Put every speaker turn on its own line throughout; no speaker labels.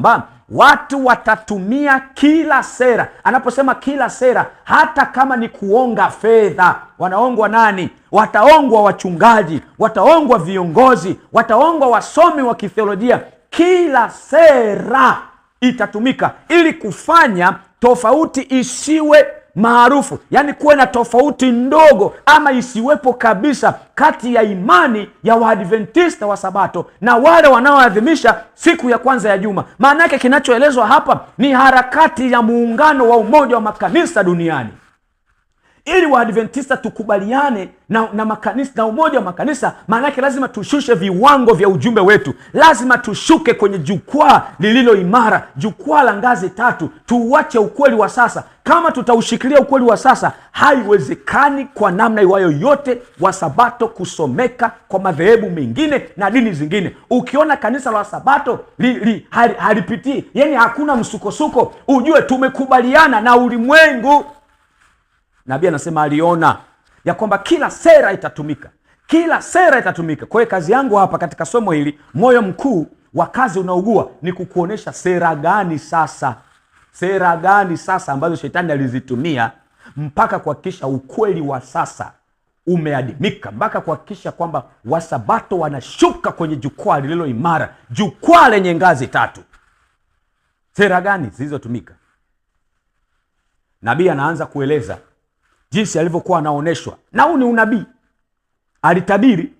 Mbona watu watatumia kila sera. Anaposema kila sera, hata kama ni kuonga fedha, wanaongwa nani? Wataongwa wachungaji, wataongwa viongozi, wataongwa wasomi wa kithiolojia. Kila sera itatumika ili kufanya tofauti isiwe maarufu, yaani kuwe na tofauti ndogo ama isiwepo kabisa kati ya imani ya Waadventista wa Sabato na wale wanaoadhimisha siku ya kwanza ya juma. Maana yake kinachoelezwa hapa ni harakati ya muungano wa umoja wa makanisa duniani ili waadventista tukubaliane na, na, makanisa, na umoja wa makanisa. Maana yake lazima tushushe viwango vya ujumbe wetu, lazima tushuke kwenye jukwaa lililo imara, jukwaa la ngazi tatu. Tuuache ukweli wa sasa. Kama tutaushikilia ukweli wa sasa, haiwezekani kwa namna iwayo yote wasabato kusomeka kwa madhehebu mengine na dini zingine. Ukiona kanisa la wasabato halipitii, yani hakuna msukosuko, ujue tumekubaliana na ulimwengu. Nabii anasema aliona ya kwamba kila sera itatumika, kila sera itatumika. Kwa hiyo kazi yangu hapa katika somo hili, moyo mkuu wa kazi unaugua, ni kukuonyesha sera gani sasa, sera gani sasa ambazo shetani alizitumia mpaka kuhakikisha ukweli wa sasa umeadimika mpaka kuhakikisha kwamba wasabato wanashuka kwenye jukwaa lililo imara, jukwaa lenye ngazi tatu. Sera gani zilizotumika? Nabii anaanza kueleza jinsi alivyokuwa anaonyeshwa, na huu ni unabii. Alitabiri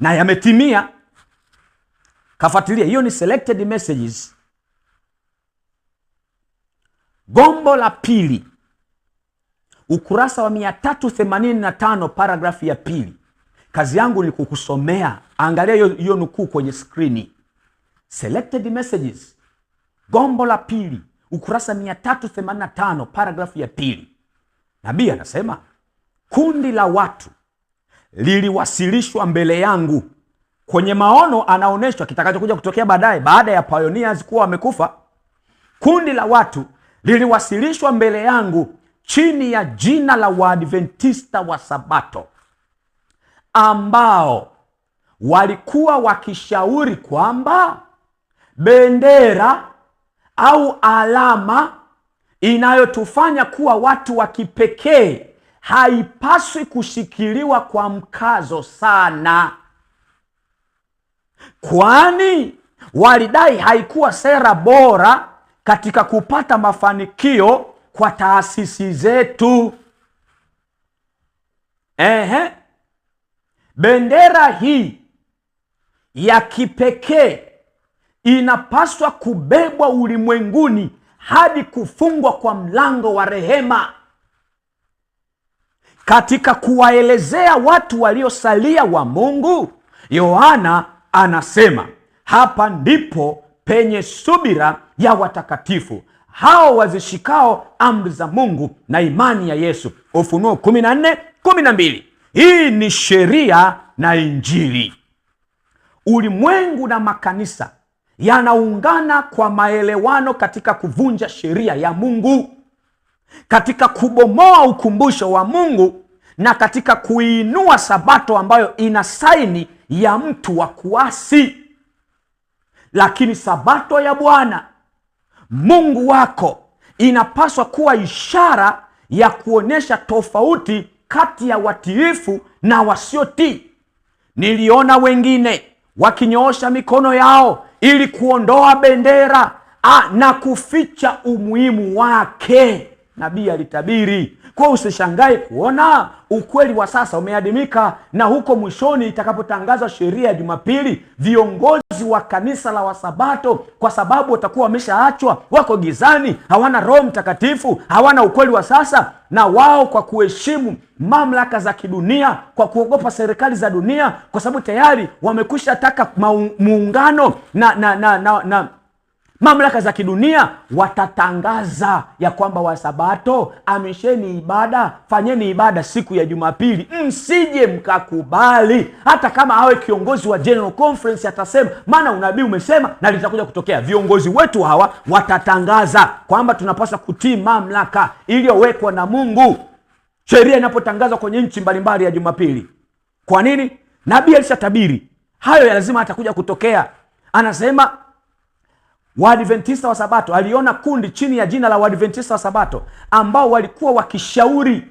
na yametimia. Kafuatilia, hiyo ni selected messages. Gombo la pili, ukurasa wa 385 paragrafu ya pili. Kazi yangu ni kukusomea, angalia hiyo nukuu kwenye skrini. Selected messages, gombo la pili, ukurasa 385 paragrafu ya pili. Nabii anasema kundi la watu liliwasilishwa mbele yangu. Kwenye maono anaonyeshwa kitakachokuja kutokea baadaye, baada ya pioneers kuwa wamekufa. Kundi la watu liliwasilishwa mbele yangu chini ya jina la Waadventista wa Sabato, ambao walikuwa wakishauri kwamba bendera au alama inayotufanya kuwa watu wa kipekee haipaswi kushikiliwa kwa mkazo sana, kwani walidai haikuwa sera bora katika kupata mafanikio kwa taasisi zetu. Ehe, bendera hii ya kipekee inapaswa kubebwa ulimwenguni hadi kufungwa kwa mlango wa rehema. Katika kuwaelezea watu waliosalia wa Mungu, Yohana anasema hapa ndipo penye subira ya watakatifu hao wazishikao amri za Mungu na imani ya Yesu. Ufunuo 1412 Hii ni sheria na Injili. Ulimwengu na makanisa yanaungana kwa maelewano katika kuvunja sheria ya Mungu, katika kubomoa ukumbusho wa Mungu na katika kuinua Sabato ambayo ina saini ya mtu wa kuasi. Lakini Sabato ya Bwana Mungu wako inapaswa kuwa ishara ya kuonyesha tofauti kati ya watiifu na wasiotii. Niliona wengine wakinyoosha mikono yao ili kuondoa bendera a, ah, na kuficha umuhimu wake nabii alitabiri. Kwa usishangae kuona ukweli wa sasa umeadimika, na huko mwishoni itakapotangazwa sheria ya Jumapili, viongozi wa kanisa la Wasabato, kwa sababu watakuwa wameshaachwa, wako gizani, hawana Roho Mtakatifu, hawana ukweli wa sasa, na wao kwa kuheshimu mamlaka za kidunia, kwa kuogopa serikali za dunia, kwa sababu tayari wamekwisha taka muungano na, na, na, na, na mamlaka za kidunia watatangaza ya kwamba wasabato, amisheni ibada, fanyeni ibada siku ya Jumapili, msije mkakubali. Hata kama awe kiongozi wa General Conference atasema, maana unabii umesema na litakuja kutokea. Viongozi wetu hawa watatangaza kwamba tunapaswa kutii mamlaka iliyowekwa na Mungu, sheria inapotangazwa kwenye nchi mbalimbali ya Jumapili. Kwa nini? Nabii alishatabiri hayo, ya lazima atakuja kutokea. Anasema Waadventista wa Sabato aliona kundi chini ya jina la Waadventista wa Sabato ambao walikuwa wakishauri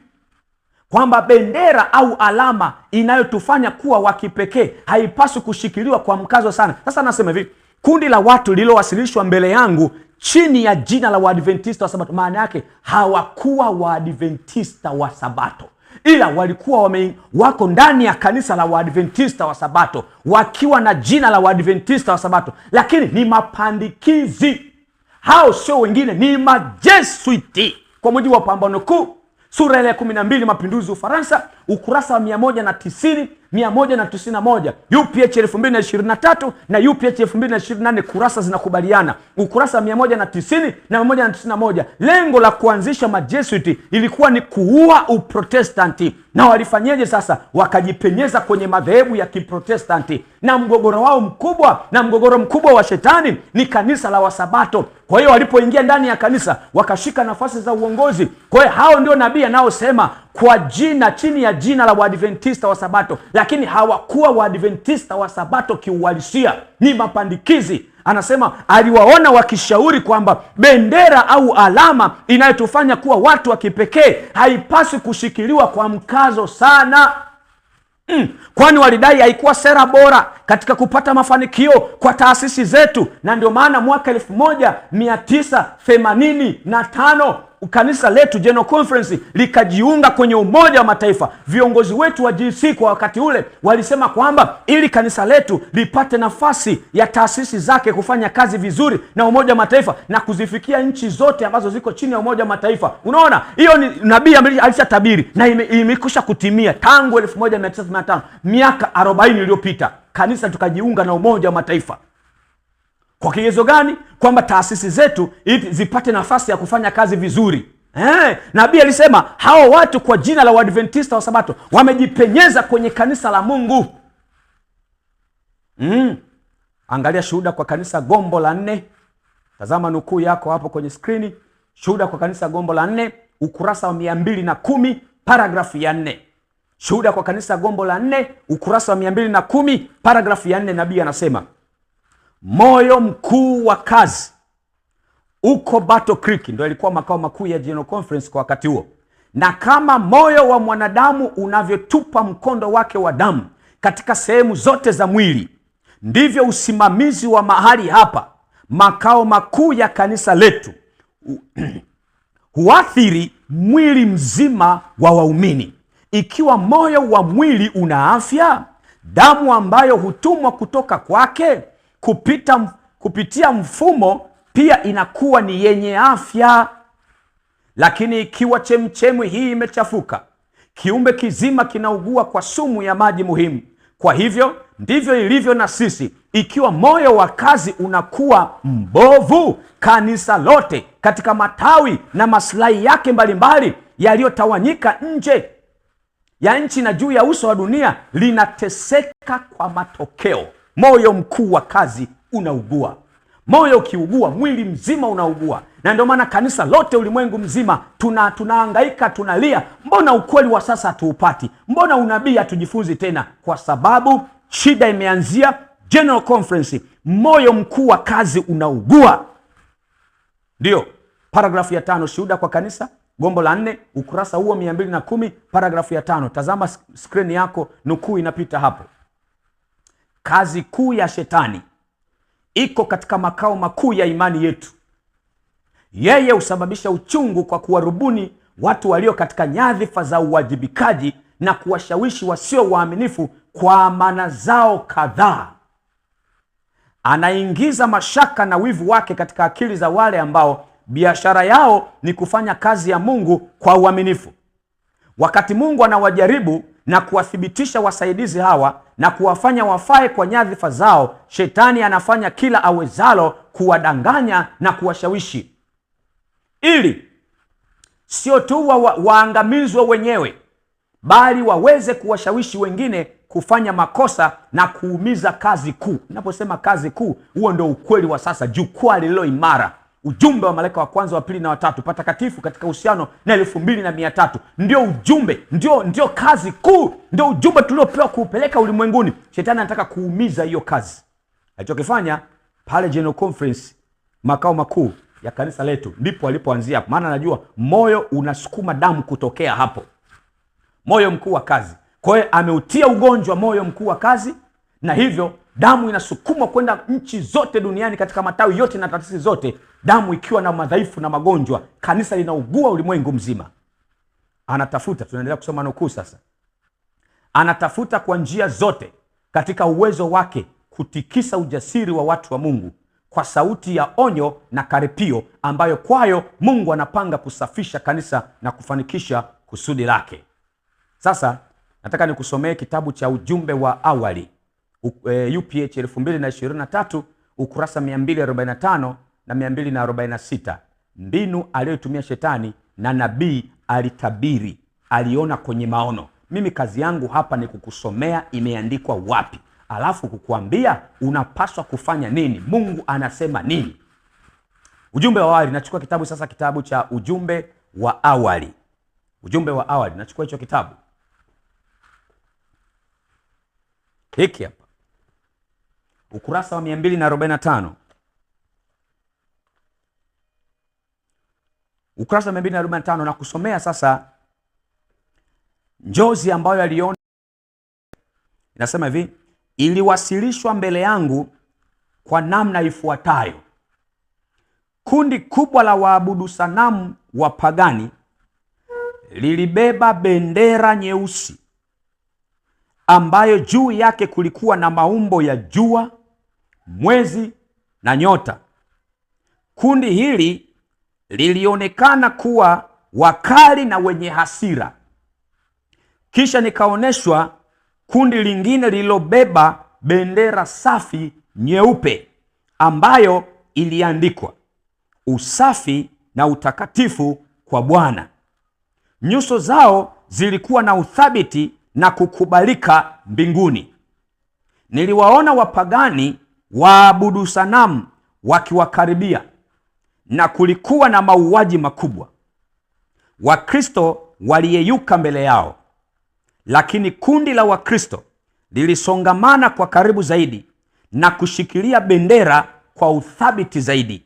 kwamba bendera au alama inayotufanya kuwa wa kipekee haipaswi kushikiliwa kwa mkazo sana. Sasa nasema hivi, kundi la watu lililowasilishwa mbele yangu chini ya jina la Waadventista wa Sabato, maana yake hawakuwa Waadventista wa Sabato ila walikuwa wame, wako ndani ya kanisa la Waadventista wa Sabato wakiwa na jina la Waadventista wa Sabato, lakini ni mapandikizi. Hao sio wengine, ni majesuiti kwa mujibu wa Pambano Kuu sura ile ya kumi na mbili Mapinduzi Ufaransa ukurasa wa 190, 191, UPH 2023 na UPH 2024 kurasa zinakubaliana, ukurasa wa 190 na 191. Lengo la kuanzisha majesuit ilikuwa ni kuua Uprotestanti, na walifanyeje sasa? Wakajipenyeza kwenye madhehebu ya Kiprotestanti, na mgogoro wao mkubwa na mgogoro mkubwa wa shetani ni kanisa la Wasabato. Kwa hiyo walipoingia ndani ya kanisa wakashika nafasi za uongozi. Kwa hiyo hao ndio nabii anaosema kwa jina chini ya jina la Waadventista wa Sabato, lakini hawakuwa Waadventista wa Sabato kiuhalisia, ni mapandikizi. Anasema aliwaona wakishauri kwamba bendera au alama inayotufanya kuwa watu wa kipekee haipaswi kushikiliwa kwa mkazo sana. Mm, kwani walidai haikuwa sera bora katika kupata mafanikio kwa taasisi zetu, na ndio maana mwaka elfu moja mia tisa themanini na tano kanisa letu General Conference likajiunga kwenye Umoja wa Mataifa, viongozi wetu wa GC kwa wakati ule walisema kwamba ili kanisa letu lipate nafasi ya taasisi zake kufanya kazi vizuri na Umoja wa Mataifa na kuzifikia nchi zote ambazo ziko chini ya Umoja wa Mataifa. Unaona, hiyo ni nabii alisha tabiri na imekusha kutimia tangu 195 miaka 40 iliyopita, kanisa tukajiunga na Umoja wa Mataifa. Kwa kigezo gani? Kwamba taasisi zetu zipate nafasi ya kufanya kazi vizuri. Eh, nabii alisema hawa watu kwa jina la Waadventista wa Sabato wamejipenyeza kwenye kanisa la Mungu. Mm. Angalia shuhuda kwa kanisa gombo la nne. Tazama nukuu yako hapo kwenye skrini. Shuhuda kwa kanisa gombo la nne, ukurasa wa mia mbili na kumi paragrafu ya nne. Shuhuda kwa kanisa gombo la nne, ukurasa wa mia mbili na kumi paragrafu ya nne, nabii anasema Moyo mkuu wa kazi uko Battle Creek, ndo ilikuwa makao makuu ya General Conference kwa wakati huo. Na kama moyo wa mwanadamu unavyotupa mkondo wake wa damu katika sehemu zote za mwili, ndivyo usimamizi wa mahali hapa, makao makuu ya kanisa letu, huathiri mwili mzima wa waumini. Ikiwa moyo wa mwili una afya, damu ambayo hutumwa kutoka kwake kupita, kupitia mfumo pia inakuwa ni yenye afya. Lakini ikiwa chemchemu hii imechafuka, kiumbe kizima kinaugua kwa sumu ya maji muhimu. Kwa hivyo ndivyo ilivyo na sisi. Ikiwa moyo wa kazi unakuwa mbovu, kanisa lote katika matawi na masilahi yake mbalimbali yaliyotawanyika nje ya nchi na juu ya uso wa dunia linateseka kwa matokeo moyo mkuu wa kazi unaugua. Moyo ukiugua, mwili mzima unaugua, na ndio maana kanisa lote ulimwengu mzima tuna tunahangaika, tunalia, mbona ukweli wa sasa hatuupati, mbona unabii hatujifunzi tena? Kwa sababu shida imeanzia General Conference, moyo mkuu wa kazi unaugua. Ndiyo paragrafu ya tano, shuhuda kwa kanisa gombo la nne, ukurasa huo 21 paragrafu ya tano. Tazama skrini yako, nukuu inapita hapo. Kazi kuu ya shetani iko katika makao makuu ya imani yetu. Yeye husababisha uchungu kwa kuwarubuni watu walio katika nyadhifa za uwajibikaji na kuwashawishi wasio waaminifu kwa amana zao kadhaa. Anaingiza mashaka na wivu wake katika akili za wale ambao biashara yao ni kufanya kazi ya Mungu kwa uaminifu. Wakati Mungu anawajaribu na kuwathibitisha wasaidizi hawa na kuwafanya wafae kwa nyadhifa zao, shetani anafanya kila awezalo kuwadanganya na kuwashawishi ili sio tu wa waangamizwe wenyewe, bali waweze kuwashawishi wengine kufanya makosa na kuumiza kazi kuu. Naposema kazi kuu, huo ndio ukweli wa sasa, jukwaa lililo imara Ujumbe wa malaika wa kwanza wa pili na watatu patakatifu katika uhusiano na elfu mbili na mia tatu ndio ujumbe, ndio, ndio kazi kuu, ndio ujumbe tuliopewa kuupeleka ulimwenguni. Shetani anataka kuumiza hiyo kazi. Alichokifanya pale General Conference, makao makuu ya kanisa letu, ndipo alipoanzia maana anajua moyo unasukuma damu kutokea hapo, moyo mkuu wa kazi. Kwa hiyo ameutia ugonjwa moyo mkuu wa kazi na hivyo damu inasukumwa kwenda nchi zote duniani katika matawi yote na taasisi zote, damu ikiwa na madhaifu na magonjwa, kanisa linaugua ulimwengu mzima. Anatafuta, tunaendelea kusoma nukuu sasa, anatafuta kwa njia zote katika uwezo wake kutikisa ujasiri wa watu wa Mungu kwa sauti ya onyo na karipio ambayo kwayo Mungu anapanga kusafisha kanisa na kufanikisha kusudi lake. Sasa nataka nikusomee kitabu cha ujumbe wa awali UPH eh, 2023 ukurasa 245 na 246, mbinu aliyoitumia shetani na nabii alitabiri, aliona kwenye maono. Mimi kazi yangu hapa ni kukusomea imeandikwa wapi, alafu kukuambia unapaswa kufanya nini, Mungu anasema nini. Ujumbe wa awali, nachukua kitabu sasa, kitabu cha ujumbe wa awali. Ujumbe wa awali, nachukua hicho kitabu hiki hapa ukurasa wa 245 ukurasa wa 245 na kusomea sasa njozi ambayo aliona. Inasema hivi, iliwasilishwa mbele yangu kwa namna ifuatayo: kundi kubwa la waabudu sanamu wa pagani lilibeba bendera nyeusi ambayo juu yake kulikuwa na maumbo ya jua, mwezi na nyota. Kundi hili lilionekana kuwa wakali na wenye hasira. Kisha nikaonyeshwa kundi lingine lililobeba bendera safi nyeupe ambayo iliandikwa usafi na utakatifu kwa Bwana. Nyuso zao zilikuwa na uthabiti na kukubalika mbinguni. Niliwaona wapagani waabudu sanamu wakiwakaribia na kulikuwa na mauaji makubwa. Wakristo waliyeyuka mbele yao, lakini kundi la Wakristo lilisongamana kwa karibu zaidi na kushikilia bendera kwa uthabiti zaidi.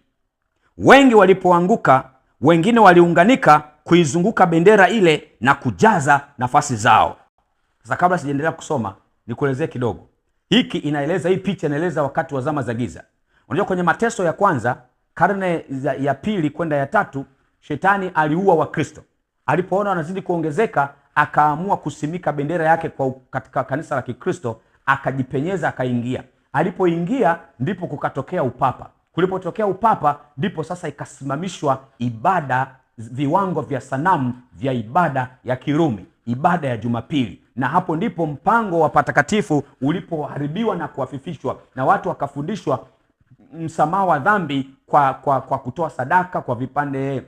Wengi walipoanguka, wengine waliunganika kuizunguka bendera ile na kujaza nafasi zao. Sasa kabla sijaendelea kusoma, nikuelezee kidogo hiki inaeleza, hii picha inaeleza wakati wa zama za giza. Unajua, kwenye mateso ya kwanza karne ya pili kwenda ya tatu, shetani aliua Wakristo. Alipoona wanazidi kuongezeka, akaamua kusimika bendera yake kwa katika kanisa la Kikristo, akajipenyeza, akaingia. Alipoingia ndipo kukatokea upapa. Kulipotokea upapa, ndipo sasa ikasimamishwa ibada, viwango vya sanamu vya ibada ya Kirumi ibada ya Jumapili, na hapo ndipo mpango wa patakatifu ulipoharibiwa na kuafifishwa na watu wakafundishwa msamaha wa dhambi kwa, kwa, kwa kutoa sadaka kwa vipande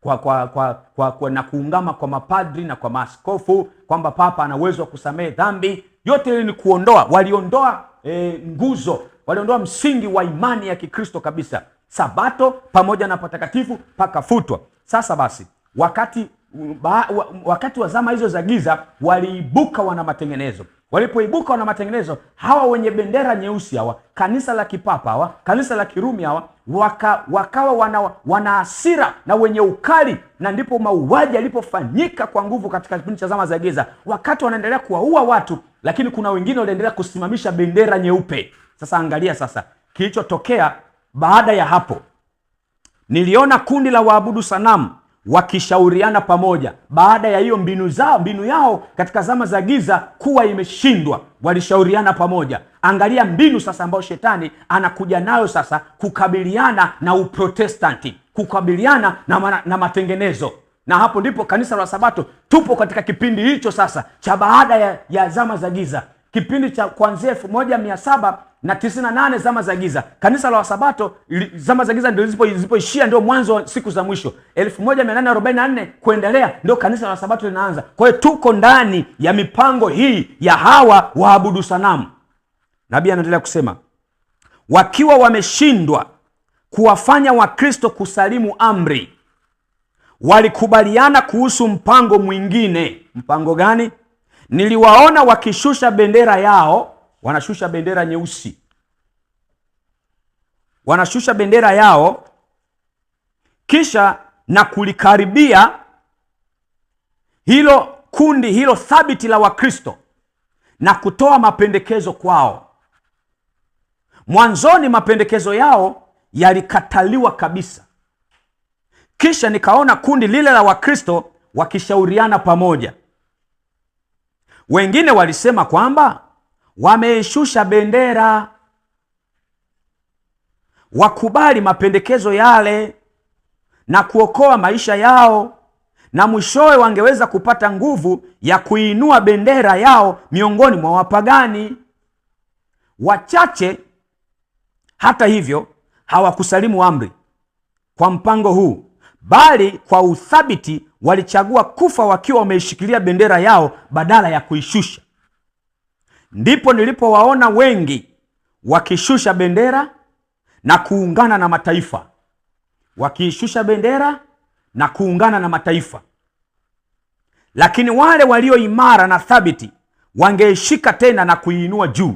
kwa, kwa, kwa, kwa, kwa, na kuungama kwa mapadri na kwa maaskofu kwamba papa ana uwezo wa kusamehe dhambi yote. Ile ni kuondoa waliondoa e, nguzo waliondoa msingi wa imani ya Kikristo kabisa. Sabato pamoja na patakatifu pakafutwa. Sasa basi wakati ba, wakati wa zama hizo za giza waliibuka wana matengenezo. Walipoibuka wana matengenezo hawa wenye bendera nyeusi hawa, kanisa la kipapa hawa, kanisa la Kirumi hawa waka, wakawa wana, wana na wenye ukali, na ndipo mauaji yalipofanyika kwa nguvu katika kipindi cha zama za giza. Wakati wanaendelea kuwaua watu, lakini kuna wengine waliendelea kusimamisha bendera nyeupe. Sasa angalia sasa kilichotokea baada ya hapo. Niliona kundi la waabudu sanamu wakishauriana pamoja. Baada ya hiyo mbinu zao, mbinu yao katika zama za giza kuwa imeshindwa, walishauriana pamoja. Angalia mbinu sasa ambayo shetani anakuja nayo sasa kukabiliana na Uprotestanti, kukabiliana na, ma na matengenezo na hapo ndipo kanisa la Sabato tupo katika kipindi hicho sasa cha baada ya, ya zama za giza kipindi cha kuanzia elfu moja mia saba na tisini na nane zama za giza. Kanisa la Wasabato zama za giza ndio zilipoishia, ndio mwanzo wa siku za mwisho. nne kuendelea ndio kanisa la Wasabato linaanza. Kwa hiyo tuko ndani ya mipango hii ya hawa waabudu sanamu. Nabii anaendelea kusema, wakiwa wameshindwa kuwafanya Wakristo kusalimu amri, walikubaliana kuhusu mpango mwingine. Mpango gani? Niliwaona wakishusha bendera yao, wanashusha bendera nyeusi, wanashusha bendera yao, kisha na kulikaribia hilo kundi hilo thabiti la Wakristo na kutoa mapendekezo kwao. Mwanzoni mapendekezo yao yalikataliwa kabisa, kisha nikaona kundi lile la Wakristo wakishauriana pamoja wengine walisema kwamba wameishusha bendera, wakubali mapendekezo yale na kuokoa maisha yao, na mwishowe wangeweza kupata nguvu ya kuinua bendera yao miongoni mwa wapagani. Wachache hata hivyo hawakusalimu amri kwa mpango huu bali kwa uthabiti walichagua kufa wakiwa wameishikilia bendera yao badala ya kuishusha. Ndipo nilipowaona wengi wakishusha bendera na kuungana na mataifa, wakiishusha bendera na kuungana na mataifa. Lakini wale walio imara na thabiti wangeishika tena na kuiinua juu.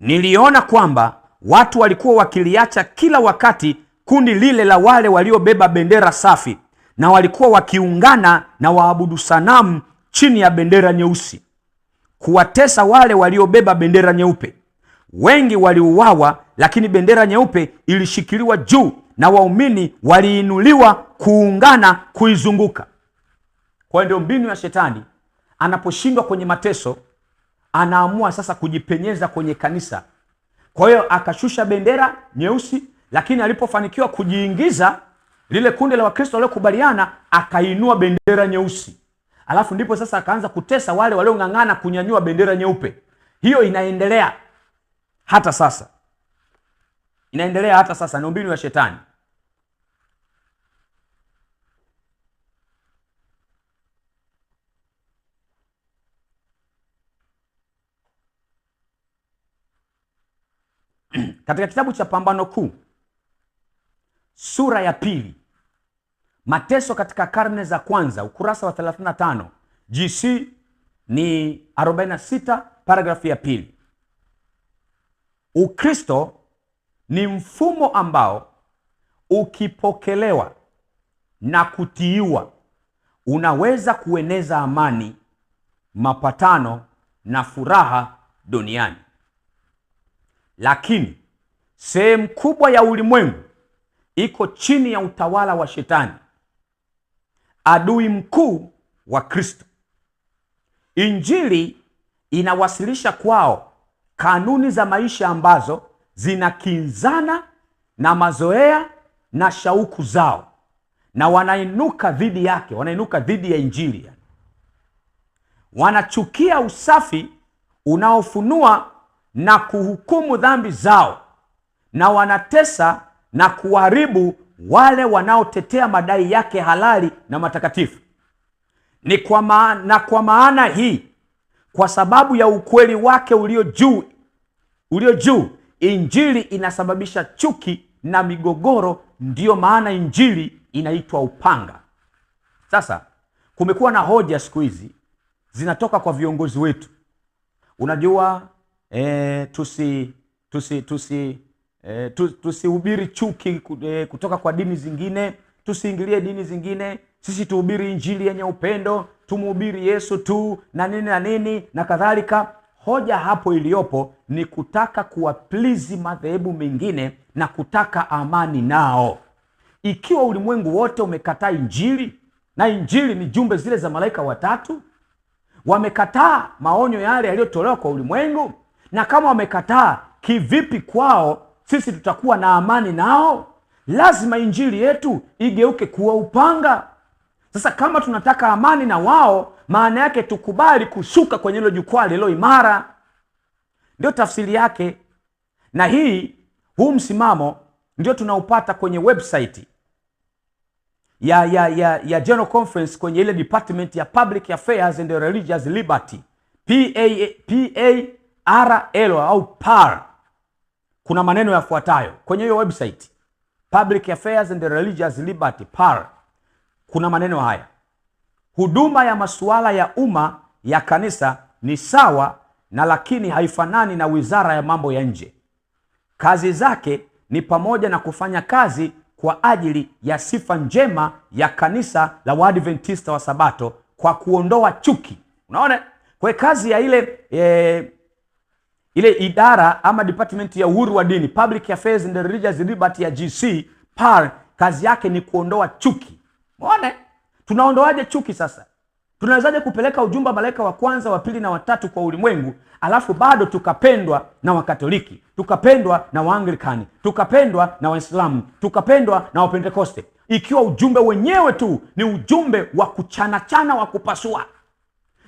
Niliona kwamba watu walikuwa wakiliacha kila wakati kundi lile la wale waliobeba bendera safi na walikuwa wakiungana na waabudu sanamu chini ya bendera nyeusi kuwatesa wale waliobeba bendera nyeupe. Wengi waliuawa, lakini bendera nyeupe ilishikiliwa juu na waumini waliinuliwa kuungana kuizunguka. Kwa hiyo ndio mbinu ya Shetani, anaposhindwa kwenye mateso anaamua sasa kujipenyeza kwenye kanisa. Kwa hiyo akashusha bendera nyeusi lakini alipofanikiwa kujiingiza lile kundi la Wakristo waliokubaliana, akainua bendera nyeusi, alafu ndipo sasa akaanza kutesa wale waliong'ang'ana kunyanyua bendera nyeupe. Hiyo inaendelea hata sasa, inaendelea hata sasa, ni umbinu wa Shetani. Katika kitabu cha Pambano Kuu sura ya pili mateso katika karne za kwanza ukurasa wa 35 GC ni 46 paragrafu ya pili. Ukristo ni mfumo ambao ukipokelewa na kutiiwa unaweza kueneza amani, mapatano na furaha duniani, lakini sehemu kubwa ya ulimwengu iko chini ya utawala wa Shetani, adui mkuu wa Kristo. Injili inawasilisha kwao kanuni za maisha ambazo zinakinzana na mazoea na shauku zao, na wanainuka dhidi yake, wanainuka dhidi ya injili. Wanachukia usafi unaofunua na kuhukumu dhambi zao, na wanatesa na kuharibu wale wanaotetea madai yake halali na matakatifu. Ni kwa maana, na kwa maana hii, kwa sababu ya ukweli wake ulio juu ulio juu, injili inasababisha chuki na migogoro. Ndiyo maana injili inaitwa upanga. Sasa kumekuwa na hoja siku hizi zinatoka kwa viongozi wetu, unajua eh, tusi tusi tusi E, tusihubiri chuki eh, kutoka kwa dini zingine, tusiingilie dini zingine. Sisi tuhubiri injili yenye upendo, tumhubiri Yesu tu na nini na nini na kadhalika. Hoja hapo iliyopo ni kutaka kuwaplizi madhehebu mengine na kutaka amani nao. Ikiwa ulimwengu wote umekataa injili, na injili ni jumbe zile za malaika watatu, wamekataa maonyo yale yaliyotolewa kwa ulimwengu, na kama wamekataa, kivipi kwao sisi tutakuwa na amani nao? Lazima injili yetu igeuke kuwa upanga. Sasa kama tunataka amani na wao, maana yake tukubali kushuka kwenye hilo jukwaa lililo imara. Ndio tafsiri yake, na hii huu msimamo ndio tunaupata kwenye website ya, ya, ya, ya General Conference kwenye ile department ya Public Affairs and Religious Liberty PARL au PAR kuna maneno yafuatayo kwenye hiyo website Public Affairs and Religious Liberty par kuna maneno haya: huduma ya masuala ya umma ya kanisa ni sawa na lakini haifanani na wizara ya mambo ya nje. Kazi zake ni pamoja na kufanya kazi kwa ajili ya sifa njema ya kanisa la Waadventista wa Sabato kwa kuondoa chuki. Unaona, kwa kazi ya ile e, ile idara ama department ya uhuru wa dini, Public Affairs and Religious Liberty ya GC PAR, kazi yake ni kuondoa chuki. Muone tunaondoaje chuki sasa? Tunawezaje kupeleka ujumbe wa malaika wa kwanza wa pili na watatu kwa ulimwengu, alafu bado tukapendwa na Wakatoliki, tukapendwa na Waanglikani, tukapendwa na Waislamu, tukapendwa na Wapentekoste, ikiwa ujumbe wenyewe tu ni ujumbe wa kuchanachana, wa kupasua,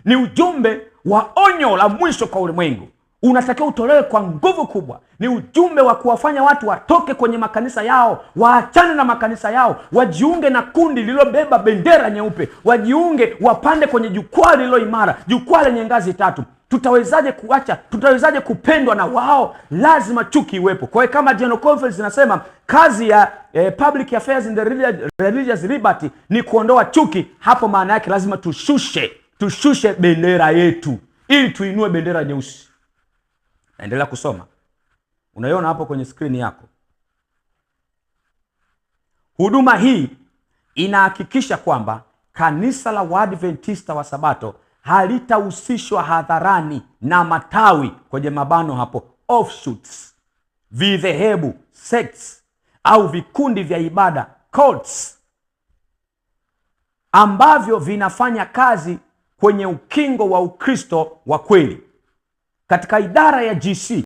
ni ujumbe wa onyo la mwisho kwa ulimwengu unatakiwa utolewe kwa nguvu kubwa. Ni ujumbe wa kuwafanya watu watoke kwenye makanisa yao, waachane na makanisa yao, wajiunge na kundi lililobeba bendera nyeupe, wajiunge, wapande kwenye jukwaa lililo imara, jukwaa lenye ngazi tatu. Tutawezaje kuacha? Tutawezaje kupendwa na wao? Lazima chuki iwepo. Kwa hiyo kama General Conference inasema kazi ya eh, public affairs the religious liberty ni kuondoa chuki, hapo maana yake lazima tushushe, tushushe bendera yetu ili tuinue bendera nyeusi naendelea kusoma, unaiona hapo kwenye skrini yako. Huduma hii inahakikisha kwamba kanisa la Waadventista wa Sabato halitahusishwa hadharani na matawi kwenye mabano hapo offshoots, vidhehebu, sects au vikundi vya ibada cults, ambavyo vinafanya kazi kwenye ukingo wa Ukristo wa kweli katika idara ya GC